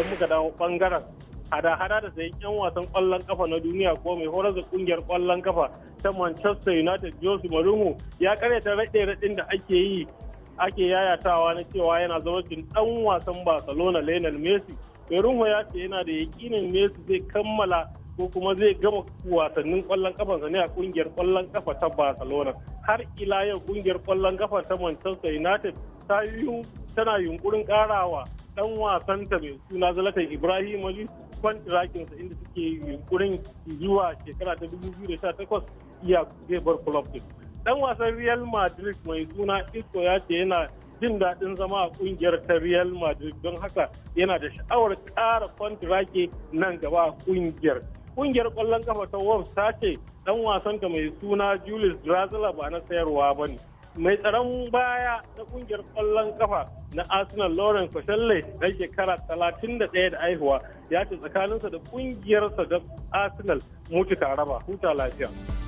idan muka dawo bangaren hada-hada da sayan 'yan wasan kwallon kafa na duniya ko mai horar da kungiyar kwallon kafa ta manchester united jose mourinho ya karyata raɗe-raɗin da ake yi ake yayatawa na cewa yana zama zauracin dan wasan barcelona lionel messi mourinho ya ce yana da yakinin messi zai kammala ko kuma zai gama wasannin kwallon sa ne a kungiyar kwallon kafa ta barcelona har ila yau kungiyar kwallon kafa ta manchester united ta tana yunkurin karawa dan wasan ta mai suna zalatan ibrahim ali sa inda suke yunkurin zuwa shekara ta 2018 iya zai bar club din dan wasan real madrid mai suna isco ya ce yana jin daɗin zama a ƙungiyar ta Real Madrid don haka yana da sha'awar ƙara kwantirake nan gaba a ƙungiyar. Ƙungiyar kwallon kafa ta Wolves ta ce ɗan wasanta mai suna Julius Drazila ba na sayarwa ba ne. mai tsaron baya na kungiyar kwallon kafa na arsenal lauren kwashalle dan shekara 31 da aihuwa ya ce tsakaninsa da kungiyarsa da arsenal mutu ta raba huta lafiya